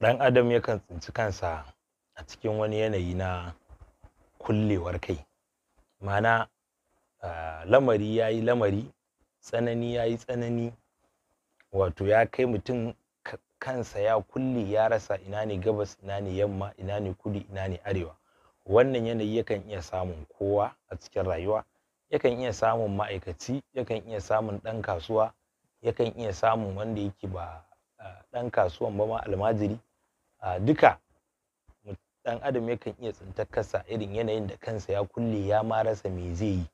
ɗan adam yakan tsinci kansa a cikin wani yanayi na kullewar kai ma'ana ah, lamari ya yi lamari tsanani ya yi tsanani wato ya kai mutum kansa ya kulle ya rasa ina ne gabas ina ne yamma ina ne kudu ina ne arewa wannan yanayi yakan iya samun kowa a cikin rayuwa yakan iya samun ma'aikaci yakan iya samun ɗan kasuwa yakan iya samun wanda yake ba ah, ɗan kasuwan ba ma almajiri duka ɗan adam yakan iya tsintar kansa irin yanayin da kansa ya kulle ya ma rasa me zai yi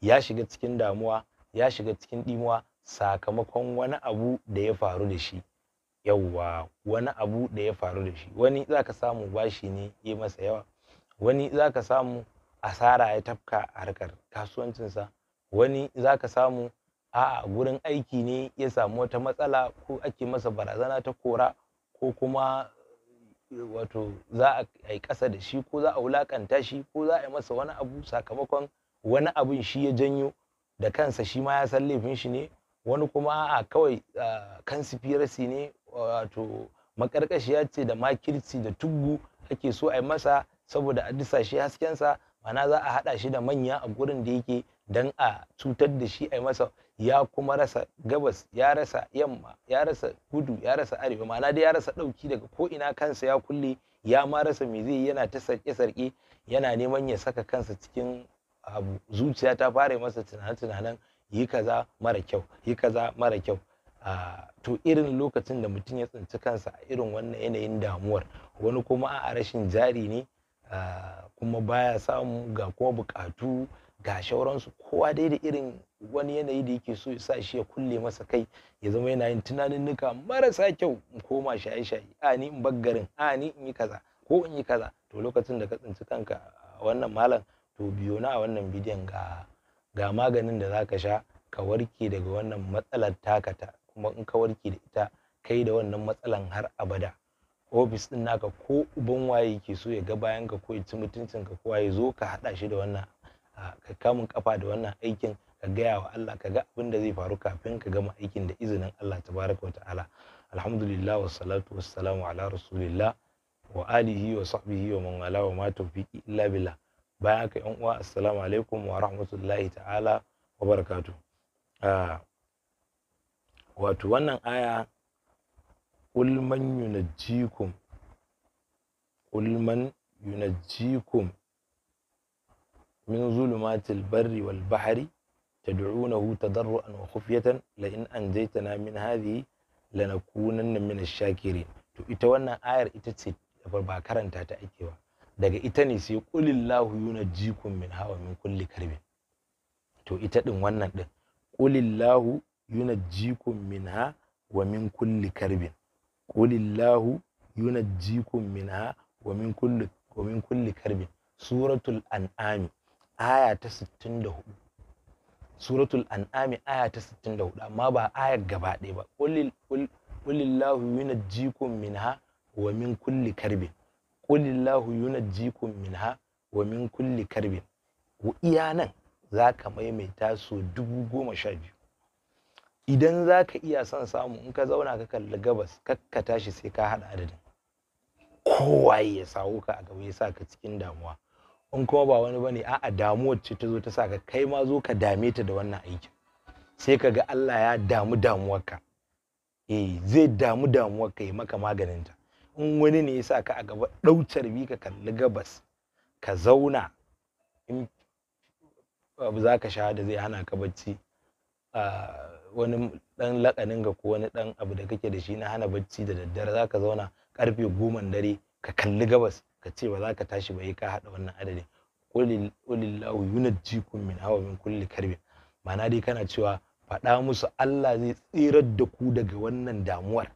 ya shiga cikin damuwa ya shiga cikin ɗimuwa sakamakon wani abu da ya faru da shi yawwa wani abu da ya faru da shi wani za samu bashi ne ya masa yawa wani za samu asara ya tafka a harkar kasuwancinsa wani zaka ka samu a'a gurin aiki ne ya samu wata matsala ko ake masa barazana ta kora ko kuma wato za a yi ƙasa da shi ko za a wulaƙanta shi ko za a yi masa wani abu sakamakon wani abun shi ya janyo da kansa shi ma ya san laifin shi ne wani kuma a kawai conspiracy ne wato makarkashiya ce da makirci da tuggu ake so a yi masa saboda a disa shi sa, mana za a haɗa shi da manya a gurin da yake don a cutar da shi a yi masa ya kuma rasa gabas ya rasa yamma ya rasa gudu ya rasa arewa ma'ana dai ya rasa ɗauki daga ko ina kansa ya kulle ya ma rasa me zai yana ta sarki sarƙe yana neman ya saka kansa cikin abu zuciya ta fara masa tunanen-tunanen yi kaza mara kyau yi kaza mara kyau to irin lokacin da mutum ya tsinci kansa a irin wannan yanayin damuwar wani kuma a rashin jari ne kuma baya samu ga kuma buƙatu ga shauransu kowa dai da irin wani yanayi da yake so ya sa shi ya kulle masa kai ya zama yana yin tunanin nuka, marasa kyau in koma shaye-shaye a ni in baggarin a ni in yi kaza ko in yi kaza to lokacin da ka tsinci kanka a wannan malam to biyo na a wannan bidiyon ga ga maganin da zaka sha ka warke daga wannan matsalar taka ta kuma in ka warke da ita kai da wannan matsalan har abada ofis din naka ko uban waye ke so ya ga bayan ka ko ya ci mutuncinka ko ya zo ka haɗa shi da wannan ka kamun kafa da wannan aikin ka gaya wa Allah ka ga abin da zai faru kafin ka gama aikin da izinin Allah tabaraka wa ta'ala alhamdulillah wa salatu wa salamu ala rasulillah wa alihi wa sahbihi wa man wala wa ma tawfiqi illa billah bayan ka yan uwa assalamu alaikum wa rahmatullahi ta'ala wa barakatuh ah, wato wannan aya qul man yunajjikum qul man yunajjikum min zulumatil barri wal bahri يدعونه تضرعا وخفية لئن أنجيتنا من هذه lanakunanna min shakirin to ita wannan ayar ita ce ba karanta ta ake ba daga ita ne sai qulillahu yunajjikum min hawa min kulli karbin to ita din wannan din qulillahu yunajjikum minha wa min kulli karbin qulillahu yunajjikum minha wa min kulli wa min kulli karbin suratul an'ami aya ta 64 suratul an'ami aya ta 64 amma ba aya gaba ɗaya ba qulillahu yunajjikum minha wa min kulli karbin yunajjikum minha wa min kulli karbin iya nan za ka maimaita su dubu goma sha biyu idan za ka iya son samu in ka zauna ka kalli gabas kakka tashi sai ka haɗa adadin kowaye ya sawo ka a gaba ya sa ka cikin damuwa in kuma ba wani bane a'a damuwar ce ta zo ta saka kai ma zo ka dame ta da wannan aikin sai ka ga Allah ya damu damuwarka eh zai damu damuwarka ya maka maganin ta in wani ne ya saka a gaba daucar bi ka kalli gabas ka zauna in za ka sha zai hana ka bacci wani dan lakanin ga ko wani dan abu da kake da shi na hana bacci da daddare zaka zauna karfe goma dare ka kalli gabas ka ce ba za ka tashi ba ka haɗa wannan adadin qulillahu yunajjikum min hawa min kulli karbin Mana dai kana cewa faɗa musu Allah zai tsirar da ku daga wannan damuwar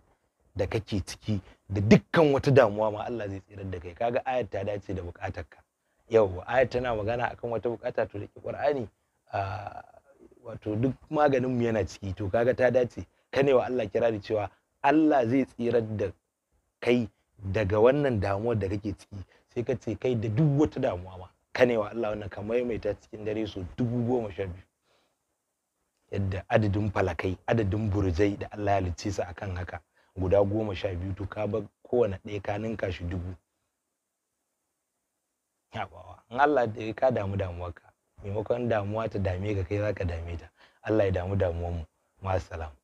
da kake ciki da dukkan wata damuwa ma Allah zai tsirar da kai kaga ayat ta dace da bukatarka Yau ayat tana magana akan wata bukata to da Qur'ani wato duk maganin mu yana ciki to kaga ta dace Ka ne wa Allah kira da cewa Allah zai tsirar da kai daga wannan damuwar da kake ciki sai ka ce kai da duk wata damuwa ma ka ne wa Allah wannan ka maimaita cikin dare so dubu goma sha biyu yadda adadin falakai adadin burjai da Allah ya lice su akan haka guda goma sha biyu to ka bar kowane ɗaya ka ninka shi dubu yabawa in Allah da ka damu ka. maimakon damuwa ta dame ka kai za ka dame ta Allah ya damu damuwarmu ma salam